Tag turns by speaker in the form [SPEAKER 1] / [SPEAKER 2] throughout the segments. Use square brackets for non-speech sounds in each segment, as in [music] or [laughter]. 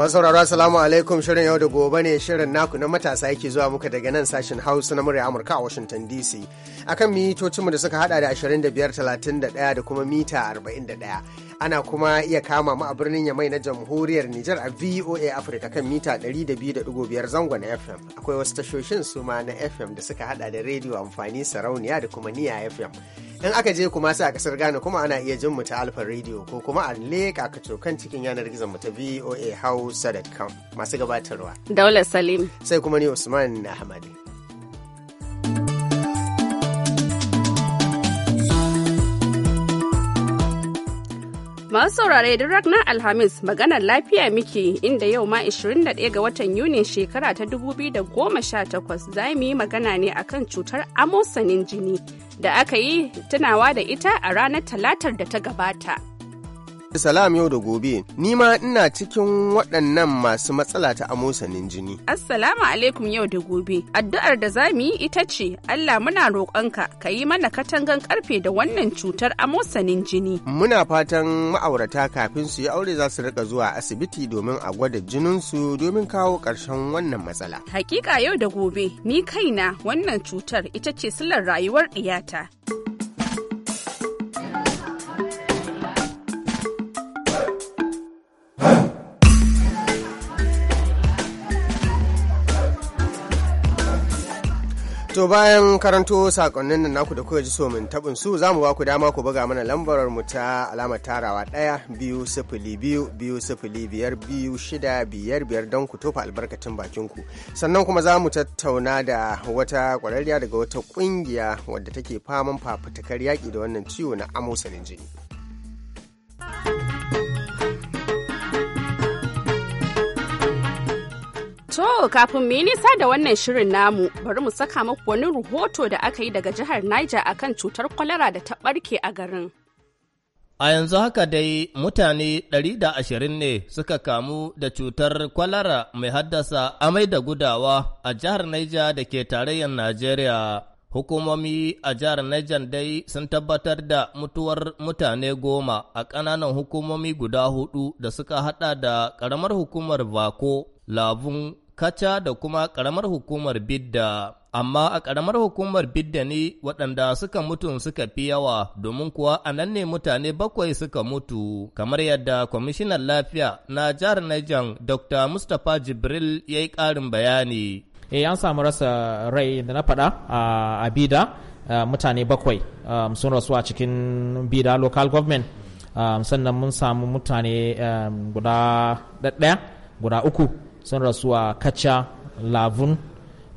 [SPEAKER 1] Masu sauraro Assalamu alaikum shirin yau da gobe ne shirin naku na matasa yake zuwa muka daga nan sashen Hausa na murya Amurka a Washington DC. Akan mitocinmu da suka hada da 25, 31 da kuma mita 41. ana kuma iya kama mu a birnin Yamai na Jamhuriyar Nijar a VOA Africa kan mita 200.5 na FM. Akwai wasu tashoshin su ma na FM da suka hada da rediyo amfani sarauniya da kuma niya FM. In aka je kuma sai a kasar Ghana kuma ana iya jin mu ta Alfa Radio ko kuma a leka ka cokan cikin yanar gizon mu ta VOA Hausa.com. Masu gabatarwa.
[SPEAKER 2] Daular Salim.
[SPEAKER 1] Sai kuma ni Usman Ahmad.
[SPEAKER 2] Masu saurare da na Alhamis maganar lafiya muke inda yau ma 21 ga watan yuni shekara ta 2018 za mu yi magana ne akan cutar amosanin jini da aka yi tunawa da ita a ranar talatar da ta gabata.
[SPEAKER 1] Salam yau da gobe, ni ma ina cikin waɗannan masu matsala ta amosanin jini.
[SPEAKER 2] Assalamu alaikum yau da gobe. Addu'ar da za mu yi ita ce, Allah muna roƙonka ka yi mana katangan ƙarfe da wannan cutar amosanin jini.
[SPEAKER 1] Muna fatan ma'aurata kafin su yi aure za su rika zuwa asibiti domin a gwada jininsu domin kawo ƙarshen wannan matsala.
[SPEAKER 2] Hakika yau da gobe, ni kaina wannan cutar ita ce silar rayuwar ɗiyata.
[SPEAKER 1] To bayan karanto sakonnin nan naku da kuka ji so min tabin su za mu ba ku dama ku buga mana lambar mu ta alamar tarawa ɗaya biyu sifili biyu biyu sifili biyar biyu shida biyar biyar don ku tofa albarkacin bakin ku. Sannan kuma za mu tattauna da wata kwararriya daga wata kungiya wadda take faman fafutukar yaki da wannan ciwo na amosanin jini.
[SPEAKER 2] To kafin mu yi nisa da wannan shirin namu bari mu saka maku wani rahoto da aka yi daga jihar Niger akan cutar kwalara da ta barke a garin.
[SPEAKER 3] A yanzu haka dai mutane 120 ne suka kamu da cutar kwalara mai haddasa amai da gudawa a jihar Niger da ke tarayyar Najeriya. Hukumomi a jihar Niger dai sun tabbatar da mutuwar mutane goma a ƙananan hukumomi guda hudu da suka haɗa da ƙaramar hukumar Bako labun kaca da kuma ƙaramar hukumar bidda amma a karamar hukumar bidda ne waɗanda suka mutu suka fi yawa domin kuwa a nan ne mutane bakwai suka mutu kamar yadda kwamishinan lafiya na jihar Niger dr mustapha jibril ya yi ƙarin bayani
[SPEAKER 4] E, an samu rasa rai da na faɗa a bida mutane bakwai um, sun rasu a cikin bida local government um, sannan mun samu mutane um, guda ɗaya guda uku sun rasu a kacha lavun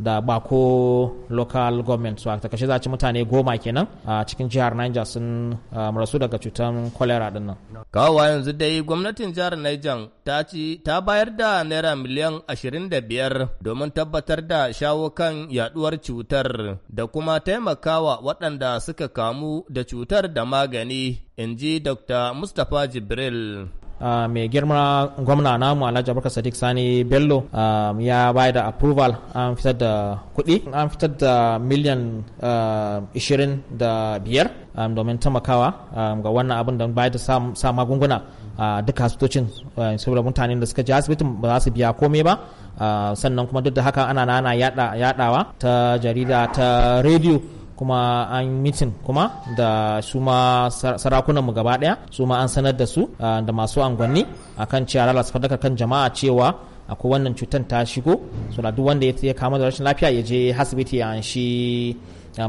[SPEAKER 4] da bako local government so a takashe za a ci mutane goma kenan a cikin jihar niger sun um, rasu daga cutar cholera din nan kawowa yanzu
[SPEAKER 3] dai gwamnatin jihar niger ta ci ta bayar da naira miliyan 25 domin tabbatar da shawo kan yaduwar cutar da kuma taimakawa waɗanda suka kamu da cutar da magani in ji dr mustapha jibril
[SPEAKER 4] Ah, mai girma gwamna namu alhaji abubakar sadiq sani bello ah, ya bayar da approval an fitar da kuɗi an fitar da miliyan ah, ishirin da biyar domin taimakawa ga wannan abin da bayar da sa magunguna a duk hasitocin eh, saboda mutanen da suka je asibitin ba za su biya komai ba sannan kuma duk da haka ana nana yadawa ta jarida ta rediyo kuma an mitin kuma da su ma sarakunanmu gaba daya su ma an sanar da su da masu angwanni akan cewa lalata fadakar kan jama'a cewa akwai wannan cutar ta shigo so da duk wanda ya kama da rashin lafiya ya je asibiti ya shi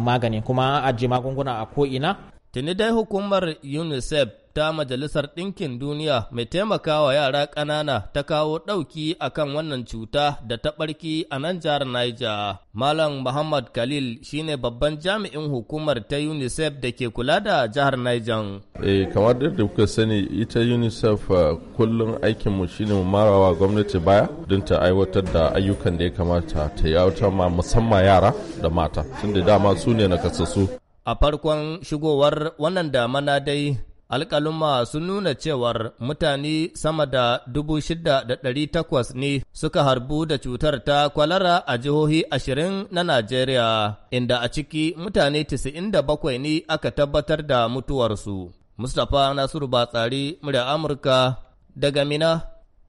[SPEAKER 4] magani kuma ajiye magunguna a ko'ina
[SPEAKER 3] tuni dai hukumar unicef ta Majalisar Ɗinkin Duniya mai taimakawa yara ƙanana ta kawo ɗauki a kan wannan cuta da ta ɓarki a nan jihar Niger. Malam Muhammad Khalil shi ne babban jami'in hukumar ta UNICEF da ke kula da jihar Niger.
[SPEAKER 4] Eh, kamar da kuka sani ita UNICEF uh, kullum aikinmu shine mu marawa gwamnati baya don ta aiwatar da ayyukan da ya kamata ta yi ma musamman yara da mata, tunda dama su ne nakasassu.
[SPEAKER 3] A farkon shigowar wannan damana dai alƙaluma sun nuna cewar mutane sama da dubu shida da ɗari takwas ne suka harbu da cutar ta kwalara a jihohi ashirin na Najeriya, inda a ciki mutane tisa'in da bakwai ne aka tabbatar da mutuwarsu. Mustapha Nasiru Batsari, murya Amurka, daga Mina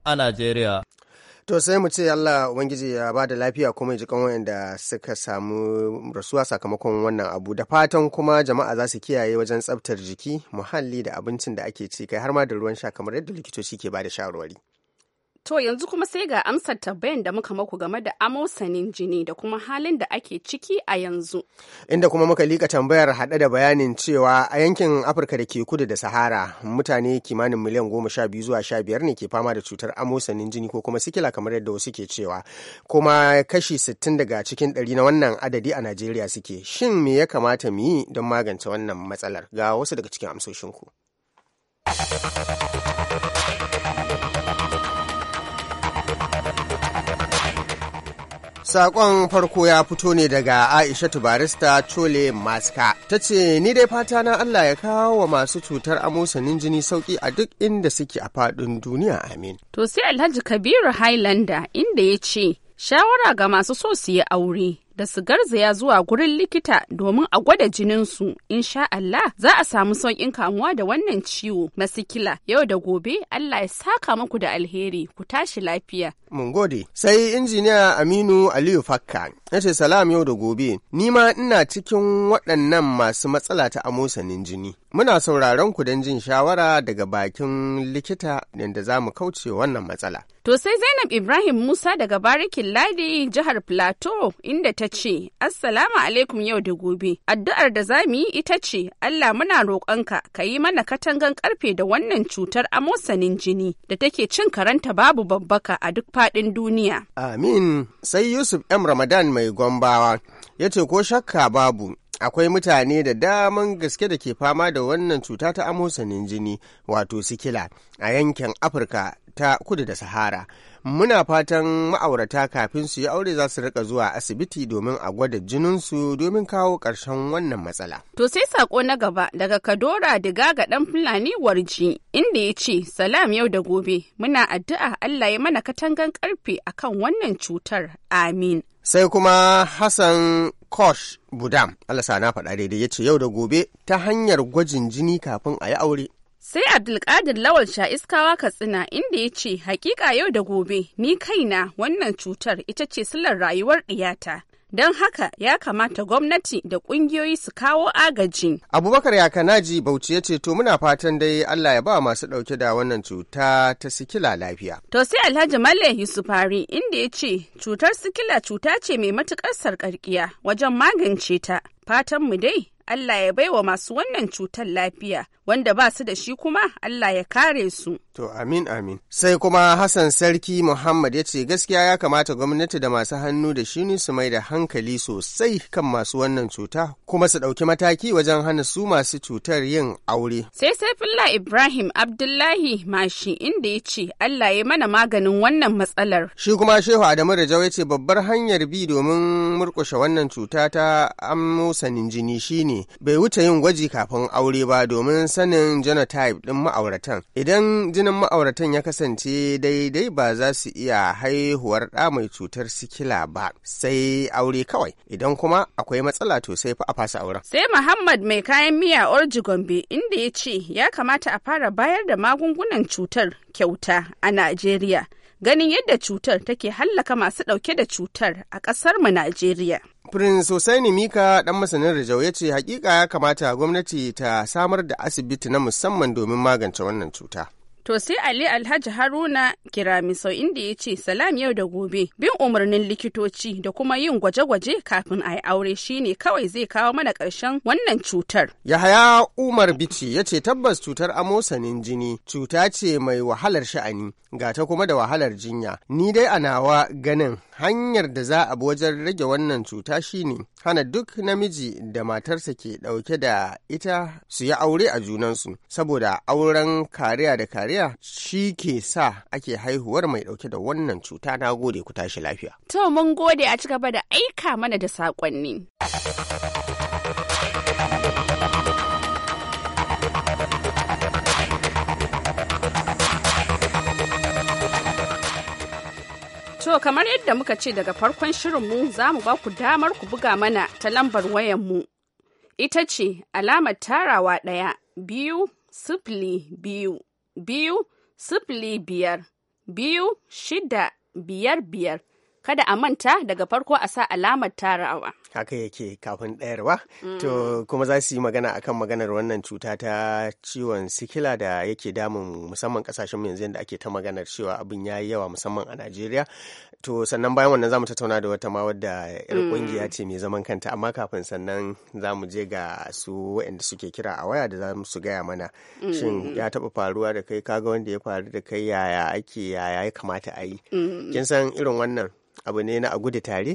[SPEAKER 3] a Najeriya.
[SPEAKER 1] to sai mu ce Allah ubangiji ya ba da lafiya kuma ya ji kan suka samu rasuwa sakamakon wannan abu da fatan kuma jama'a za su kiyaye wajen tsabtar jiki muhalli da abincin da ake ci kai har ma da ruwan sha kamar yadda likitoci ke ba da shawarwari
[SPEAKER 2] To yanzu kuma sai ga amsar tambayan da muka maku game da amosanin jini da kuma halin da ake ciki a yanzu.
[SPEAKER 1] Inda kuma muka lika tambayar haɗe da bayanin cewa a yankin Afirka da ke kudu da Sahara mutane kimanin miliyan goma sha biyu zuwa sha biyar ne ke fama da cutar amosanin jini ko kuma sikila kamar yadda wasu ke cewa. Kuma kashi sittin daga cikin ɗari na wannan adadi a Najeriya suke. Shin me ya kamata mu yi don magance wannan matsalar? Ga wasu daga cikin amsoshinku. Sakon farko ya fito ne daga Aisha Barista Chole Maska. Ta ce, Ni dai fata na Allah ya kawo wa masu cutar amosanin jini sauki a duk inda suke a faɗin duniya amin.
[SPEAKER 2] To sai Alhaji Kabiru Highlander inda ya ce, Shawara ga masu so su yi aure. da su garzaya zuwa gurin likita domin a gwada jininsu insha Allah za a samu sauƙin kamuwa da wannan ciwo masikila yau da gobe Allah ya saka muku da alheri ku tashi lafiya.
[SPEAKER 1] Mun gode. Sai injiniya Aminu Aliyu Fakka. ya ce salam yau da gobe ni ma ina cikin waɗannan masu matsala ta amosanin jini muna sauraron ku don jin shawara daga bakin likita yadda za mu kauce wannan matsala
[SPEAKER 2] to sai zainab ibrahim musa daga barikin ladi jihar plateau inda ta ce assalamu alaikum yau da gobe addu'ar da za mu yi ita ce allah muna roƙonka ka yi mana katangan karfe da wannan cutar amosanin jini da take cin karanta babu babbaka a duk faɗin duniya amin
[SPEAKER 1] sai yusuf m ramadan mai gombawa ya ce ko shakka babu akwai mutane da daman gaske da ke fama da wannan cuta ta amosanin jini wato sikila a yankin afirka ta kudu da Sahara. Muna fatan ma'aurata kafin su yi aure za su rika zuwa asibiti domin a gwada jininsu domin kawo ƙarshen wannan matsala.
[SPEAKER 2] To sai sako na gaba daga Kadora diga ga ɗan Fulani Warji inda ya ce salam yau da gobe muna addu'a Allah ya mana katangan karfe akan wannan cutar.
[SPEAKER 1] Amin. sai kuma Hassan Kosh Budam, Allah na faɗa daidai ya ce yau da gobe ta hanyar gwajin jini kafin a yi aure
[SPEAKER 2] Sai Abdulkadir Lawal iskawa Katsina inda ya ce hakika yau da gobe ni kaina wannan cutar ita ce silar rayuwar ɗiyata. Don haka ya kamata gwamnati da ƙungiyoyi su kawo agaji.
[SPEAKER 1] Abubakar Ya-kanaji Bauchi ya ce to muna fatan dai Allah ya ba masu ɗauke da wannan cuta ta sikila lafiya.
[SPEAKER 2] To sai Alhaji Malle Yusufari inda ya ce cutar sikila cuta ce mai matuƙar sarƙarƙiya wajen magance ta. fatan mu dai Allah ya baiwa masu wannan cutar lafiya, wanda ba su da shi kuma Allah ya kare su.
[SPEAKER 1] To amin amin. Sai kuma Hassan Sarki Muhammad ya ce gaskiya ya kamata gwamnati da masu hannu da shuni su mai da hankali sosai kan masu wannan cuta kuma su ɗauki mataki wajen hana su masu cutar yin aure.
[SPEAKER 2] Sai sai fulla Ibrahim Abdullahi Mashi inda ya ce Allah ya mana maganin wannan matsalar.
[SPEAKER 1] Shi kuma Shehu Adamu da ya ce babbar hanyar bi domin murƙushe wannan cuta ta amusanin jini shine bai wuce yin gwaji kafin aure ba domin sanin genotype ɗin ma'auratan. Idan jinin ma'auratan ya kasance daidai ba za su iya haihuwar ɗa mai cutar sikila ba sai aure kawai idan kuma akwai matsala to sai fa a fasa auren.
[SPEAKER 2] Sai Muhammad mai kayan miya Orji Gombe inda ya ce ya kamata a fara bayar da magungunan cutar kyauta a Najeriya. Ganin yadda cutar take hallaka masu ɗauke da cutar a ƙasar mu Najeriya.
[SPEAKER 1] Prince Hussaini Mika dan masanin Rijau ya ce hakika ya kamata gwamnati ta samar da asibiti na musamman domin magance wannan cuta.
[SPEAKER 2] To sai Ali Alhaji Haruna sau inda ya ce salam yau da gobe bin umarnin likitoci da kuma yin gwaje-gwaje kafin a yi aure shine kawai zai kawo mana ƙarshen wannan cutar.
[SPEAKER 1] Yahaya Umar Bici ya ce tabbas cutar amosanin jini cuta ce mai wahalar sha'ani ga ta kuma da wahalar jinya. Ni dai a nawa ganin hanyar da za a bi wajen rage wannan cuta shine hana duk namiji da matarsa ke ɗauke da ita su yi aure a junansu saboda auren kariya da kariya tarayya shi ke sa ake haihuwar mai dauke da wannan cuta na gode ku tashi lafiya.
[SPEAKER 2] To mun gode a ci gaba da aika mana da saƙonni. To kamar yadda muka ce daga farkon shirinmu za mu ba ku damar ku buga mana ta lambar wayanmu. Ita ce alamar tarawa ɗaya biyu sifili biyu biyu sifili biyar biyu shida biyar biyar kada a manta daga farko a sa alamar tarawa
[SPEAKER 1] haka yake kafin ɗayarwa to kuma za su yi magana akan maganar wannan cuta ta ciwon sikila da yake damun musamman kasashen yanzu yadda ake ta maganar cewa abin ya yi yawa musamman a najeriya to sannan bayan wannan za mu tattauna da wata ma wadda yar kungiya mm. ce mai zaman kanta amma kafin sannan za mu je ga su waɗanda suke kira a waya da za su gaya mana
[SPEAKER 5] mm. shin ya taɓa
[SPEAKER 1] faruwa da kai kaga wanda ya faru da kai yaya ake yaya ya kamata a yi mm. kin san irin wannan abu ne na a gudu tare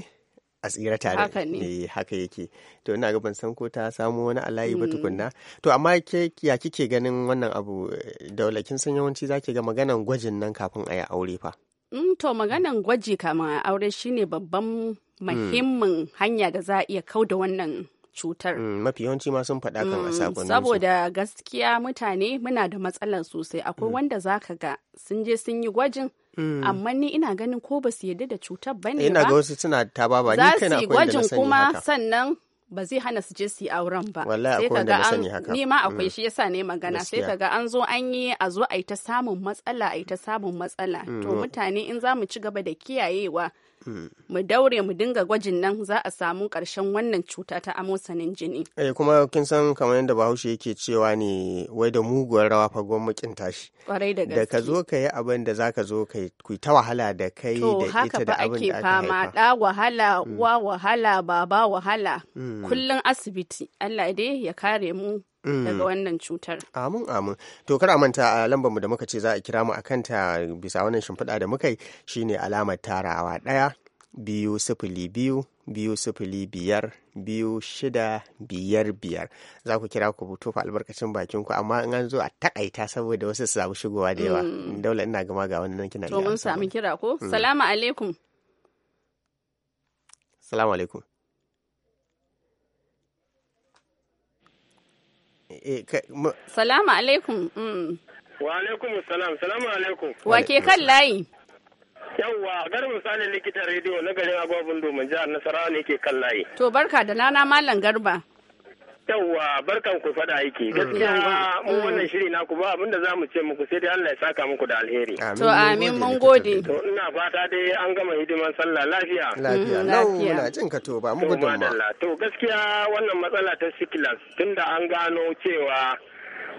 [SPEAKER 1] a tsira tare ne eh, haka yake to ina ga ban san ko ta samu wani alayi ba hmm. tukunna to amma ke ya kike ganin wannan abu daula kin san yawanci zaki ga maganan gwajin nan kafin a yi aure fa
[SPEAKER 2] hmm, to maganan gwaji kafin a aure shine babban hmm. muhimmin hanya da za a iya kau da wannan cutar.
[SPEAKER 1] Mm, mafi yawanci ma sun faɗa kan mm, Saboda
[SPEAKER 2] gaskiya mutane muna da matsalar sosai akwai mm. wanda zaka ga sun je sun yi gwajin Mm. amma ni ina ganin ko ba su yadda da cutar ba ne ba.
[SPEAKER 1] za su yi gwajin kuma
[SPEAKER 2] sannan ba zai hana su je su yi auren ba. sai mm. ka ga na akwai shi yasa ne magana sai kaga an zo an yi a zo a yi ta samun matsala a yi ta samun matsala. To mm. mutane in za mu ci gaba da kiyayewa mu daure mu dinga gwajin nan za a samu karshen wannan cuta ta amosanin jini
[SPEAKER 1] eh kuma kin san kamar yadda bahaushe yake cewa ne wai da muguwar rawa gwan mukin tashi
[SPEAKER 2] kwarai da gaske da ka zo
[SPEAKER 1] ka yi abin da ka zo ka yi ta wahala da kai da ita da abin da ake fama
[SPEAKER 2] da wahala mm. uwa wahala baba wahala
[SPEAKER 1] mm. kullum
[SPEAKER 2] asibiti Allah dai ya kare mu daga mm. wannan cutar.
[SPEAKER 1] Amin amin. To kar a manta a lambar mu da muka ce za a kira mu akan ta bisa wannan shimfiɗa da muka yi shine alamar tarawa ɗaya biyu sifili biyu biyu sifili biyar biyu shida biyar biyar za ku kira ku tofa albarkacin bakin ku amma in an zo a takaita saboda wasu su samu shigowa da yawa mm. daula ina gama ga wannan kina to mun sami kira ko mm. salamu alaikum salamu alaikum
[SPEAKER 2] Eh, salamu alaikum. Mm.
[SPEAKER 3] Wa alaikum salam, salamu alaikum. Wa ke kan layi? Yawwa, garba misalin likitan rediyo na garin agwabin domin jihar Nasarawa ne ke kan layi.
[SPEAKER 2] To barka da nana Malam Garba.
[SPEAKER 3] yauwa barkan ku fada yake mm. gaskiya mm. mu mm. wannan shiri na ku ba abinda za mu ce muku sai dai Allah ya saka
[SPEAKER 1] muku da alheri to amin mun
[SPEAKER 2] gode to ina fata dai an gama
[SPEAKER 1] hidiman sallah lafiya mm-hmm, lafiya mm-hmm, na jin ka to ba mu gudun to gaskiya wannan matsala ta sikilas tunda an gano cewa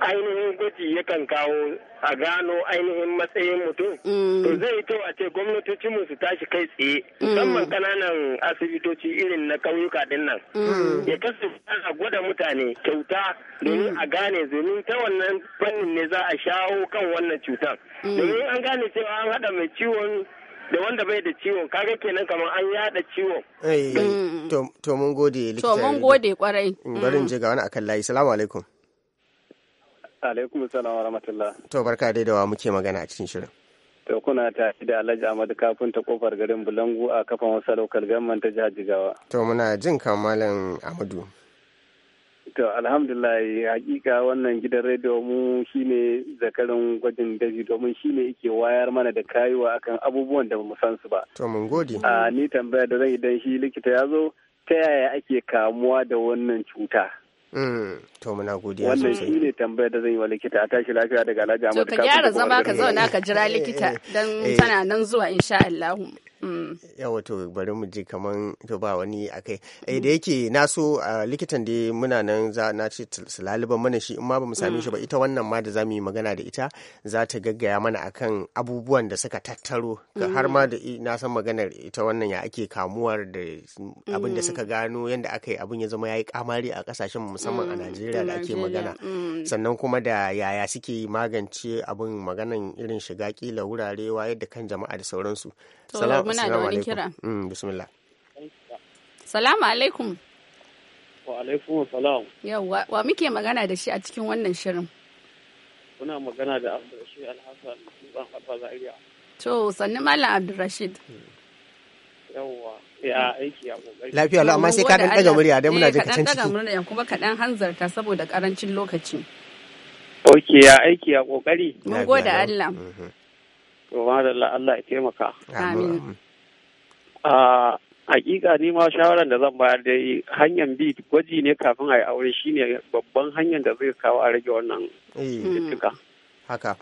[SPEAKER 1] ainihin gwaji yakan kawo a gano ainihin matsayin mutum mm. to zai to a ce gwamnatocinmu su tashi kai tsaye mm. musamman kananan asibitoci irin na kauyuka din nan mm. ya kasu ana gwada mutane
[SPEAKER 3] kyauta domin a gane domin ta wannan fannin ne za a shawo kan wannan cutar domin an gane cewa an hada mai ciwon da wanda bai da ciwon kaga kenan kamar an yada
[SPEAKER 6] ciwon.
[SPEAKER 1] Eh, to mun gode To mun
[SPEAKER 2] gode kwarai. Barin
[SPEAKER 1] wani akan layi. Salamu alaikum.
[SPEAKER 6] alaikum salam wa rahmatullah
[SPEAKER 1] to barka dai da wa muke magana a cikin shirin
[SPEAKER 6] to kuna ta da alhaji ahmad kafin ta kofar garin bulangu a kafan wasa lokal gamman ta jihar jigawa
[SPEAKER 1] to muna jin kamalan amadu
[SPEAKER 6] to alhamdulillah hakika wannan gidan rediyo mu shine zakarin gwajin daji domin shine yake wayar mana da kayuwa akan abubuwan da bamu san su ba
[SPEAKER 5] to mun gode a
[SPEAKER 6] ni tambaya da zan idan shi likita ya zo ta yaya ake kamuwa da wannan cuta
[SPEAKER 1] To muna godiya sosai. Wannan
[SPEAKER 6] shi ne tambayar da zan yi wa likita a tashi lafiya daga Alhaji Ahmad. To ka gyara zama ka zauna
[SPEAKER 2] ka jira likita eh, eh, don eh. tana nan zuwa insha Allah.
[SPEAKER 1] yawa to bari mu ji kaman to ba wani akai eh mm. da yake na so likitan da muna nan za na ce salaliban mana shi in ma ba mu same mm. shi ba ita wannan ma da za mu yi magana da ita za ta gaggaya mana akan abubuwan da suka tattaro har ma da mm. na san maganar ita wannan ya ake kamuwar da abin da suka gano yadda aka yi abin ya zama ya yi kamari a kasashen musamman a Najeriya da ake magana sannan kuma da yaya suke magance abin maganan irin shiga kila wurare wayar da kan jama'a da sauransu. Salamu muna da wani kira mm, bismillah
[SPEAKER 2] salamu alaikum
[SPEAKER 4] wa alaikum salam
[SPEAKER 2] yawa wa muke magana da shi a cikin wannan shirin
[SPEAKER 6] muna magana da abdurrashid alhassan ban abba zaria
[SPEAKER 2] to sannu malam abdurrashid Rashid. ya aiki a kokari lafiya
[SPEAKER 3] lau amma sai ka dan daga murya dai muna jin can eh, ciki
[SPEAKER 2] murya kuma ka dan hanzarta saboda ƙarancin lokaci
[SPEAKER 3] ok ya aiki a kokari mun gode Allah mm-hmm.
[SPEAKER 6] to da Allah ya taimaka amin a
[SPEAKER 1] hakika ni ma shawaran da zan bayar da hanyar bi gwaji ne kafin a yi aure shine babban hanyar da zai kawo a rage wannan eh. cututtuka. haka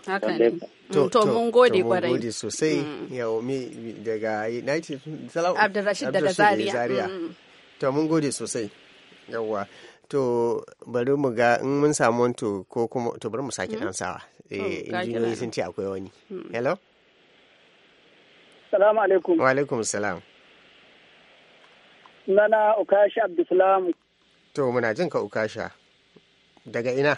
[SPEAKER 1] to mun gode kwarai gode sosai mm. yau mi daga united salam abdurrashid daga zaria mm. to mun gode sosai yawa to bari mu ga in mun samu to, ko kuma to bari mu sake dan mm. sawa eh, injiniyoyi sun ce akwai wani hello salamu alaikum wa alaikum salam
[SPEAKER 3] nana Ukasha Abdulsalam.
[SPEAKER 1] To muna jin ka Ukasha. Daga ina?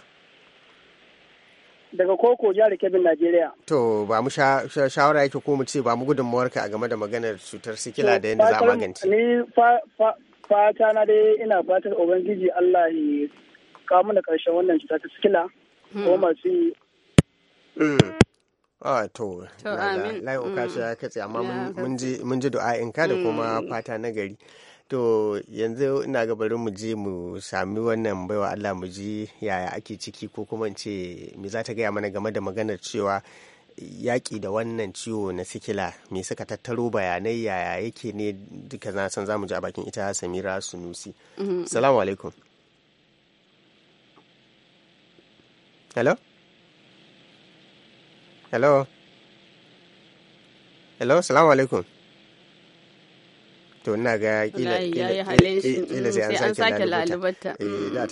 [SPEAKER 3] Daga Koko jihar kebin Najeriya.
[SPEAKER 1] To ba mu shawara yake ko mu ce ba mu gudunmuwarka a game da maganar cutar sikila da yadda za a magance.
[SPEAKER 3] Ni fata na dai ina fatar Ubangiji Allah ya kawo
[SPEAKER 6] mana karshen wannan cuta ta sikila. Hmm. Ko masu hmm.
[SPEAKER 1] Ah, to, to layi uka ya hmm. katse amma mun ji ka da kuma fata na gari. To yanzu ina ga bari mu je mu sami wannan baiwa Allah mu ji yaya ake ciki ko kuma in ce me za ta gaya mana game da maganar cewa yaƙi da wannan ciwo na sikila me suka tattaro bayanai yaya yake ne duka na san za mu ji a bakin ita Samira Sunusi.
[SPEAKER 5] Mm-hmm. Salamu
[SPEAKER 1] alaikum. Hello? Hello? Hello, salamu alaikum. to ina ga kila mm, sai an sake lalubata eh, mm. da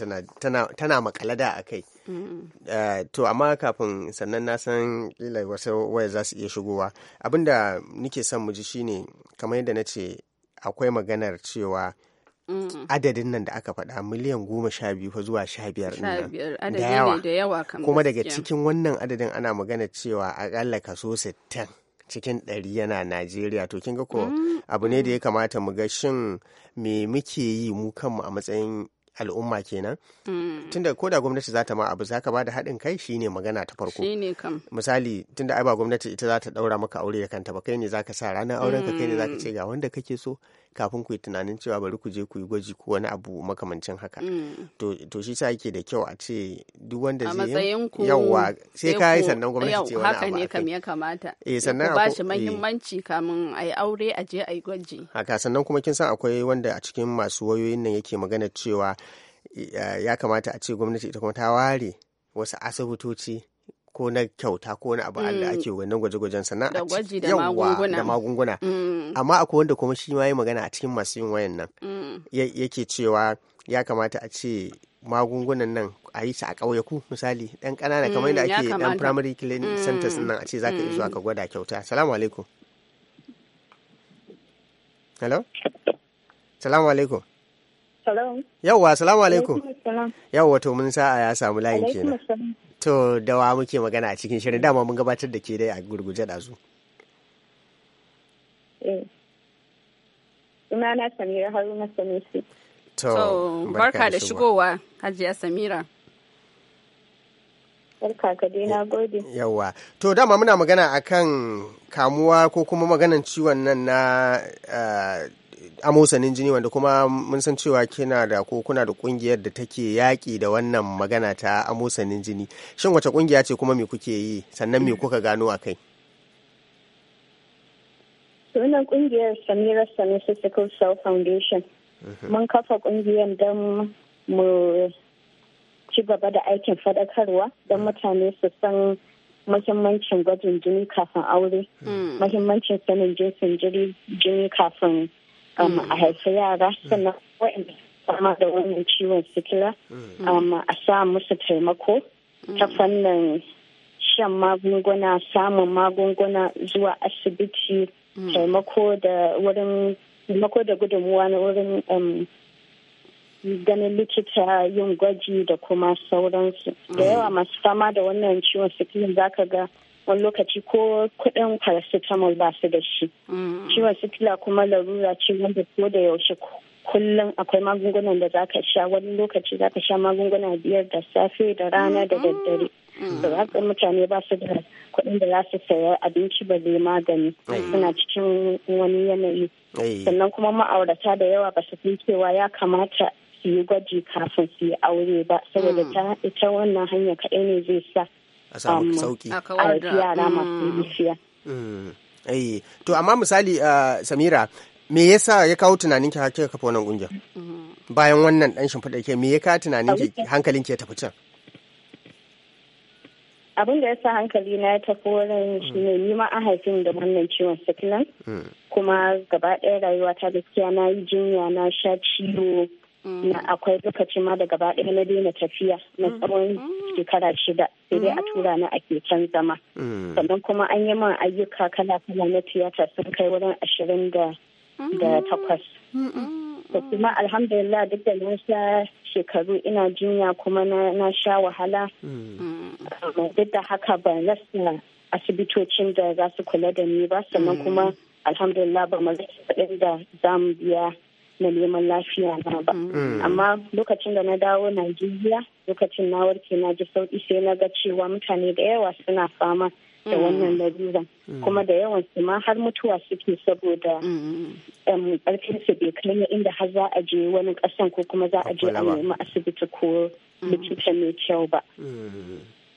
[SPEAKER 1] tana makalada a kai mm. to amma kafin sannan na san kila wasu waya za su iya shigowa abinda nike son mu ji shine kamar yadda na ce akwai maganar cewa adadin nan da aka faɗa miliyan goma sha biyu fa zuwa sha biyar
[SPEAKER 2] da yawa kuma daga cikin
[SPEAKER 1] wannan adadin ana magana cewa akalla kaso sittin cikin ɗari yana Najeriya to kin ga ko mm, abu ne da ya mm. kamata mu ga shin me muke yi mu kanmu a matsayin al'umma kenan
[SPEAKER 2] mm. tunda
[SPEAKER 1] ko da gwamnati za ta ma abu zaka ba da haɗin kai shi ne magana ta farko misali tunda ai ba gwamnati ita za ta ɗaura maka aure da kanta ba kai ne za ka sa ranar auren ka kai ne za ka ce ga wanda kake so kafin ku yi tunanin cewa bari ku je ku yi gwaji ko wani abu makamancin haka mm. to shi sa yake da kyau a ce duk wanda zai yi yawwa sai ka yi sannan gwamnati ce wani abu haka ne
[SPEAKER 2] ya kamata eh sannan ba shi eh. muhimmanci kamun a yi aure a je a yi gwaji
[SPEAKER 1] haka sannan kuma kin san akwai wanda a cikin masu wayoyin nan yake magana cewa eh, ya kamata a ce gwamnati ita kuma ta ware wasu asibitoci ko na kyauta ko na abu da mm. ake wannan gwaje-gwajen sana'a da gwaji da magunguna da magunguna mm. amma akwai wanda kuma shi ma yi magana a cikin masu yin wayan nan mm. yake cewa ya kamata a ce magungunan nan a yi su a ƙauyaku misali ɗan ƙanana kamar yadda ake ɗan primary clinic centers nan a ce za ka zuwa ka gwada kyauta salamu alaikum hello salamu alaikum yawwa salamu alaikum yawwa to mun sa'a ya samu layin
[SPEAKER 6] kenan
[SPEAKER 1] To dawa muke magana a cikin shirin dama mun gabatar da ke dai a gurguje ɗazu.
[SPEAKER 6] Eh.
[SPEAKER 2] Sunana Samira Haruna Sanusi.
[SPEAKER 1] To, barka da shigowa
[SPEAKER 2] Hajiya Samira.
[SPEAKER 6] Barka ka dai na gode.
[SPEAKER 1] Yawwa. To dama muna magana akan kamuwa ko kuma maganan ciwon nan na eh, amosanin jini wanda kuma mun san cewa kina da ko kuna da kungiyar da take yaƙi da wannan magana ta amosanin jini shin wace kungiya ce kuma me kuke yi sannan me kuka gano a kai
[SPEAKER 6] sunan kungiyar samira sami physical cell foundation mhm. mun kafa kungiyar don mu ci gaba da aikin fadakarwa don mhm. mutane su san mahimmancin gwajin jini kafin aure mahimmancin mhm. sanin jinsin jini kafin Um, mm. a haifi yara mm. sannan wa'anda fama da wannan ciwon sikila
[SPEAKER 5] mm. um,
[SPEAKER 6] a sa musu taimako ta fannin shan magunguna samun magunguna zuwa asibiti taimako da wurin taimako da gudunmuwa na wurin um, ganin likita yin gwaji da kuma sauransu da yawa masu fama da wannan ciwon sikilin zaka ga wani lokaci ko kudin paracetamol ba su da shi mm. ciwon sikila kuma larura ce wanda ko da yaushe kullum akwai magungunan da za ka sha wani lokaci za ka sha magunguna biyar da safe da rana da mm-hmm. daddare da mm. mutane ba su da kuɗin da za su saya abinci ba zai magani suna cikin wani yanayi sannan kuma ma'aurata da yawa ba su fi cewa ya kamata su yi gwaji kafin su yi aure ba saboda mm. ta ita wannan hanya kaɗai ne zai sa a samu sauki a yara masu mm.
[SPEAKER 1] bishiya eh to amma misali uh, Samira me yasa ya kawo tunanin ki har kika kafa wannan kungiya mm. bayan wannan dan shimfiɗa ke me ya kawo tunanin ki hankalin ki ya tafi
[SPEAKER 6] can abin da ya sa hankali na ya tafi wurin shi ne ni ma an haifin da wannan ciwon sikilan kuma gaba ɗaya rayuwa ta gaskiya na yi jinya na sha ciwo na akwai lokaci ma da gaba ɗaya na daina tafiya na mm. tsawon mm. shekara shida sai dai a mm. tura ni a ke can zama sannan kuma an yi man ayyuka kala kala na tiyata sun kai wurin ashirin da takwas da kuma alhamdulillah duk da na sha shekaru ina jinya kuma na sha wahala duk da haka ban rasa asibitocin da za su kula da ni ba sannan kuma alhamdulillah ba mu rasa kuɗin da za mu biya na neman lafiya na ba mm. amma lokacin da na dawo najeriya lokacin na warke na ji sauki sai na ga cewa mutane da yawa suna fama da mm. wannan laruran mm. kuma da yawan su ma har mutuwa suke saboda ƙarfin su bai kai inda har za a je wani ƙasan ko kuma za a je a nemi asibiti ko likita mai kyau ba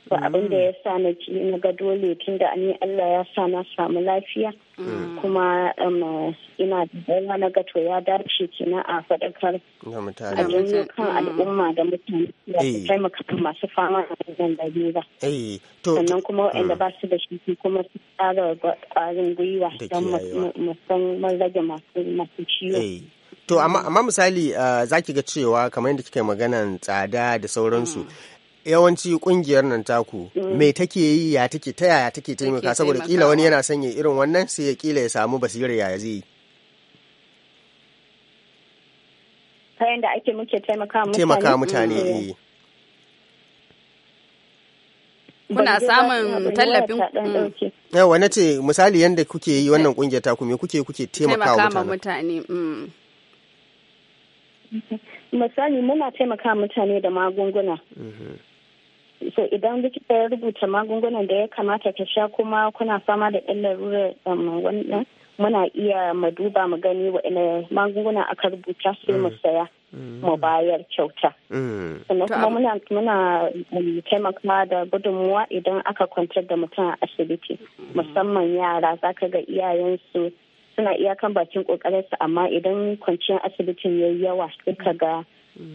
[SPEAKER 6] ba abin da ya sa na ji na ga dole tun da ni Allah ya sa na samu lafiya mm. kuma um, ina da na ga to ya dace kina a faɗakar
[SPEAKER 1] a janyo kan al'umma
[SPEAKER 6] da mutane ya eh. taimaka masu fama a da dare ba eh, sannan kuma waɗanda mm. ba su da shi kuma su tsara ƙwarin gwiwa don musamman rage masu ciwo eh,
[SPEAKER 1] To amma misali ah, za ki ga cewa kamar yadda kika yi maganan tsada da sauransu mm. yawanci kungiyar nan taku mm. me take yi ya take ta yaya take taimaka saboda kila wani yana sanya irin wannan sai ya kila ya samu basirar yaya zai yi
[SPEAKER 6] kayan da ake muke taimaka mutane taimaka mutane mm. eh kuna samun tallafin
[SPEAKER 1] yawa mm. na ce misali yadda kuke yi wannan kungiyar taku me kuke kuke taimaka
[SPEAKER 6] mutane misali muna taimaka mutane da magunguna mm-hmm. so idan likita ya rubuta magungunan da ya kamata ka sha kuma kuna fama da ɗan larurar um, wannan muna iya ma duba mu gani waɗanne magunguna aka rubuta sai mu mm. saya mu mm. bayar kyauta.
[SPEAKER 5] Mm. Sannan kuma
[SPEAKER 6] muna muna um, taimaka da gudunmuwa idan aka kwantar da mutum a asibiti musamman yara za ka ga iyayensu suna iyakan bakin kokarinsu amma idan kwanciyar asibitin ya yi yawa sai ka ga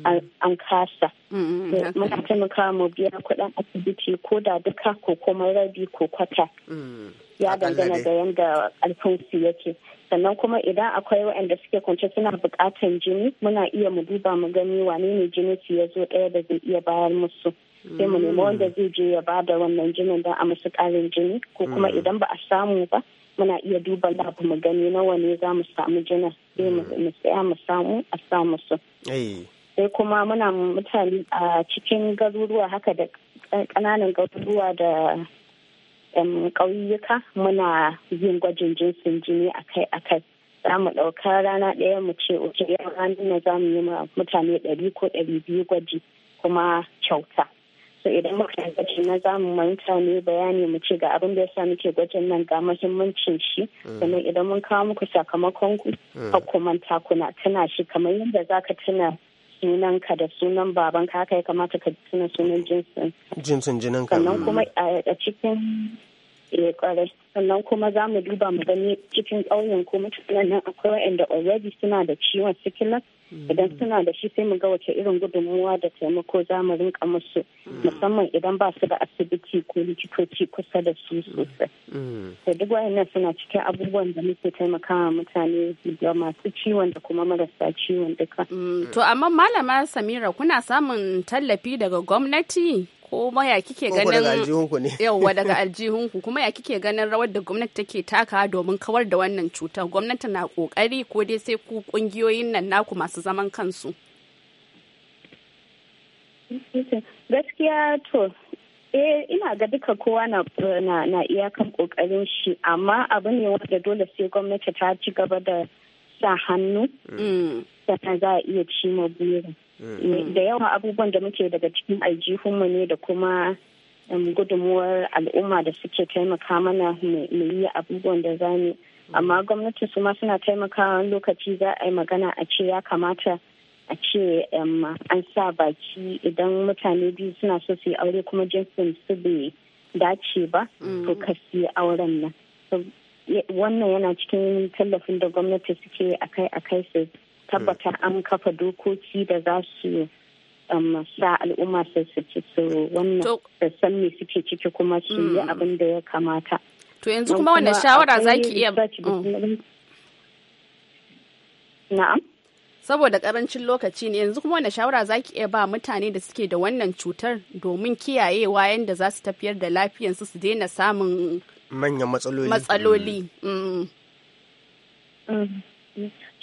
[SPEAKER 6] an kasa eh, muna taimaka mu biya kuɗin asibiti ko da duka ko kuma rabi ko kwata mm. ya dangana da yadda alfonsu yake sannan kuma idan akwai waɗanda suke kwance suna bukatan jini muna iya mu duba mu gani wane ne jini su ya zo ɗaya da zai iya bayar musu sai mu nemi wanda mm. zai je ya ba da wannan jinin don a musu ƙarin jini ko kuma mm. idan ba a samu ba muna iya duba labu mu gani nawa ne za mu samu jinin sai mu tsaya mu samu a samu su. Eh. sai kuma muna mutane a cikin garuruwa haka da kananan garuruwa da ƙauyuka muna yin gwajin jinsin jini akai-akai za mu ɗauka rana ɗaya mu ce oke yau ranar na za mu yi mutane ɗari ko ɗari biyu gwaji kuma kyauta so idan muka yi gwaji na za mu mutane bayani mu ce ga abin da ya sa muke gwajin nan ga muhimmancin shi mm. sannan idan mun kawo muku sakamakon ku mm. manta kuna tana shi kamar yadda za ka tuna ka da sunan babanka haka ya kamata ka tuna sunan jinsin
[SPEAKER 1] jinsin jininka sannan mm. kuma
[SPEAKER 6] a cikin kware eh, sannan kuma za mu duba mu gani cikin ƙauyen ko mutanen nan akwai waɗanda already suna da ciwon sikilas idan suna da shi sai mu ga wace irin gudunmuwa da taimako za mu rinka musu musamman idan ba su da asibiti ko likitoci kusa da su sosai sai duk wayannan suna cikin abubuwan da muke taimakawa mutane da masu ciwon da kuma marasa ciwon duka mm, to amma
[SPEAKER 2] malama samira kuna samun tallafi daga gwamnati kuma ya kike ganin [laughs] yauwa daga aljihunku kuma ya kike ganin rawar da gwamnati take taka domin kawar da wannan cutar gwamnati na kokari ko dai sai ku kungiyoyin nan naku masu zaman kansu
[SPEAKER 6] gaskiya to eh ina ga duka kowa na na iyakan kokarin shi amma abu ne wanda dole sai gwamnati ta ci gaba da sa hannu mm. sannan za a iya cima burin
[SPEAKER 5] Mm. da
[SPEAKER 6] yawa abubuwan da muke daga cikin aljihunmu ne da kuma um, gudunmuwar al'umma da suke taimaka mana mu yi abubuwan da za mu amma gwamnati su ma suna taimakawa lokaci za a yi magana a ce ya kamata a ce um, an sa baki idan mutane biyu suna so su yi aure kuma jinsin su bai dace ba mm. to ka auren nan wannan yana cikin tallafin da gwamnati suke akai-akai su tabbatar an kafa dokoki da za su um, sa al'umma su ci su wannan da san me suke ciki kuma su yi mm. abin da ya kamata. To yanzu
[SPEAKER 2] kuma wannan shawara za ki iya
[SPEAKER 3] mm.
[SPEAKER 6] Na'am.
[SPEAKER 2] Saboda karancin lokaci ne yanzu kuma wannan shawara za ki iya ba mutane da suke da wannan cutar domin kiyayewa yadda za su tafiyar da lafiyansu su daina samun
[SPEAKER 1] manyan matsaloli.
[SPEAKER 2] Matsaloli.
[SPEAKER 6] Mm.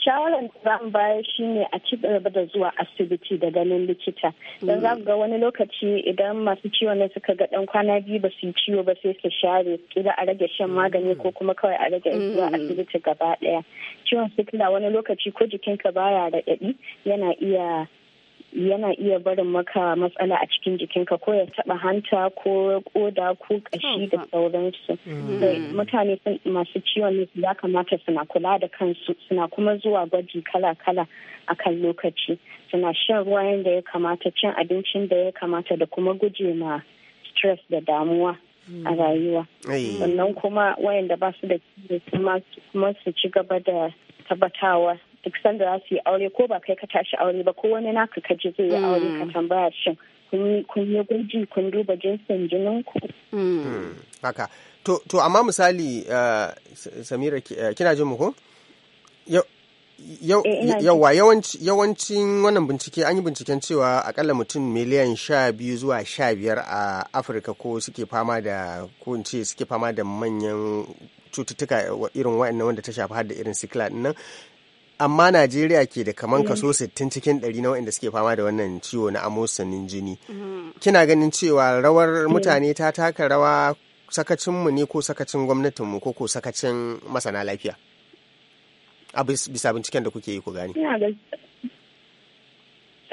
[SPEAKER 6] shawaran da za baya bayar shine a ci gaba da zuwa asibiti da ganin likita hmm. don za ga wani lokaci idan masu ciwon ne suka ga dan kwana biyu ba su ciwo ba sai su share kila a rage shan magani ko kuma kawai a rage hmm. zuwa asibiti gaba daya ciwon sikila wani lokaci ko jikinka baya raɗaɗi yana iya yana iya barin maka matsala a cikin jikinka ko ya taba hanta ko koda ko kashi da sauransu mm. mutane masu ciwon ne ya kamata suna kula da kansu suna kuma zuwa gwaji kala-kala a kan lokaci suna shan ruwa yadda ya kamata cin abincin da ya kamata da kuma guje ma stress da damuwa a mm. rayuwa sannan kuma wayanda ba su da kuma su ci gaba da tabbatawa duk sanda za su yi aure ko ba kai ka tashi aure ba ko wani naka ka ji zai yi mm. aure ka tambaya shin kun yi gwaji kun duba jinsin jinin ku.
[SPEAKER 1] Mm. Mm. haka to to amma misali uh, samira uh, kina jin mu ko eh, yawa yawancin wannan bincike an yi binciken cewa akalla mutum miliyan sha biyu zuwa sha biyar a afirka ko suke fama da ko in ce suke fama da manyan cututtuka irin waɗannan wanda ta shafi har da irin sikila nan amma najeriya ke da kaman mm. kaso 60 cikin 100 na waɗanda suke fama da wannan ciwo na amosanin jini mm-hmm. kina ganin cewa rawar mm. mutane ta taka rawa sakacinmu ne ko sakacin gwamnatinmu ko ko sakacin masana lafiya a bisa binciken da kuke yi ku gani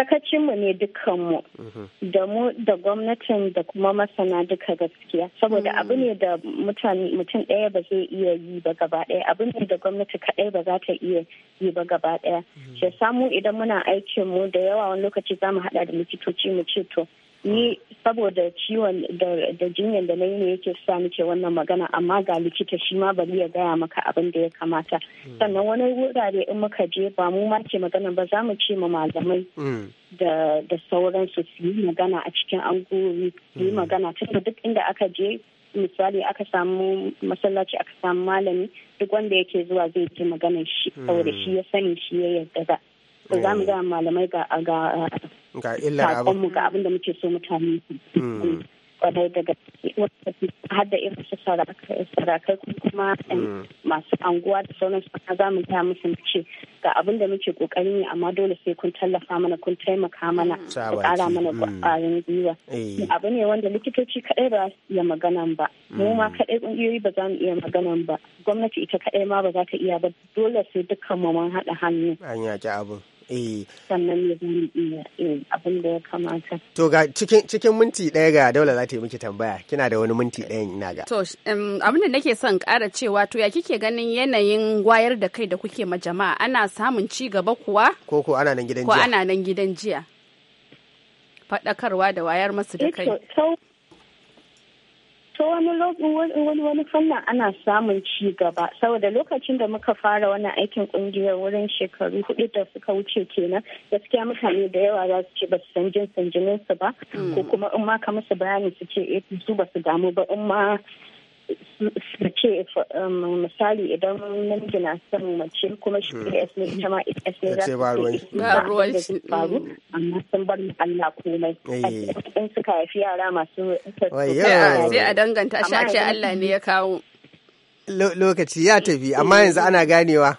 [SPEAKER 6] sakacinmu ne dukkanmu mhm. da mu da gwamnatin da kuma masana duka gaskiya saboda mm. abu ne da mutum ɗaya ba zai iya yi ba gaba ɗaya abu ne da gwamnati kaɗai ba za ta iya yi ba gaba ɗaya shi mm. samu idan muna aikin mu da yawa wani lokaci za mu haɗa da likitoci mu ce to ni saboda ciwon da jinyar da na yi ne yake sa muke wannan magana amma ga likita shi ma bari ya gaya maka abin da ya kamata hmm. sannan wani wurare in muka je ba mu ma ce magana ba za mu ce ma malamai hmm. da sauransu su yi magana a cikin an su yi hmm. magana tunda duk inda aka je misali aka samu masallaci aka samu malami duk wanda yake zuwa zai ji maganar shi saboda shi ya sani shi ya yarda ba. ba za mu eh. ga malamai ga ga
[SPEAKER 1] ga illar ga
[SPEAKER 6] abin da muke so mutane hmm. kwadai daga har da irin su sarakai kuma hmm. masu anguwa da sauran su za mu ta musu ce ga abin da muke kokarin yi amma dole sai kun tallafa mana kun taimaka mana ku kara mana kwarin hmm. gwiwa eh. abu ne wanda likitoci kadai ba su iya maganan ba mu ma kadai kungiyoyi ba za mu iya maganan ba gwamnati ita kadai ma ba za ta iya ba dole sai dukkan mu mun haɗa hannu an yaki abin Eh. sannan ya gane eh, abin da ya kamata.
[SPEAKER 1] To cikin minti ɗaya ga daula za ta yi miki tambaya kina da wani minti ɗaya ina ga. To
[SPEAKER 2] abin da nake son ƙara cewa to ya kike ganin yanayin wayar da kai da kuke ma jama'a ana samun ci gaba kuwa?
[SPEAKER 1] Ko ko gidan jiya? Ko ana
[SPEAKER 2] nan gidan jiya? Faɗakarwa da wayar masu da eh, kai.
[SPEAKER 6] To wani wani fannin ana samun ci gaba saboda lokacin da muka fara wannan aikin kungiyar wurin shekaru hudu da suka wuce kenan gaskiya mutane da yawa za su ce ba su san jin sanjinin su ba mm. ko kuma in ma ka musu bayani su ce eh su ba su damu ba in ma ce um, misali idan namiji na son mace kuma shi hmm. ne ne ita ma es ne za su faru amma sun bar Allah komai eh. in suka haifi yara masu sai a
[SPEAKER 2] danganta shi a ce Allah ne ya kawo
[SPEAKER 1] lokaci ya tafi amma yanzu ana ganewa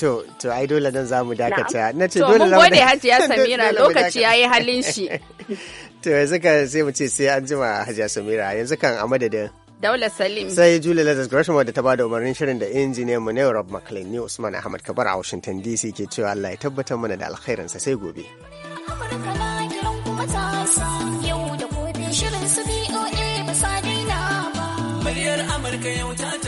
[SPEAKER 1] To, ai dole nan za mu dakata. Na ce dole mun gode Hajiya [laughs] Samira lokaci ya yi halin shi. [laughs] to yanzu kan sai mu ce sai an jima hajiya samira yanzu kan a madadin
[SPEAKER 2] Daula Salim. Sai
[SPEAKER 1] Julia Lazarus Gresham da ta bada umarnin shirin da injiniyan mu ne Rob McLean ne Usman Ahmad Kabar a Washington DC ke cewa Allah ya tabbatar mana da alkhairinsa sai gobe. Amurka
[SPEAKER 5] na kiran kuma ta yau da gobe shirin su BOA ba sa daina ba.
[SPEAKER 2] Muryar Amurka yau ta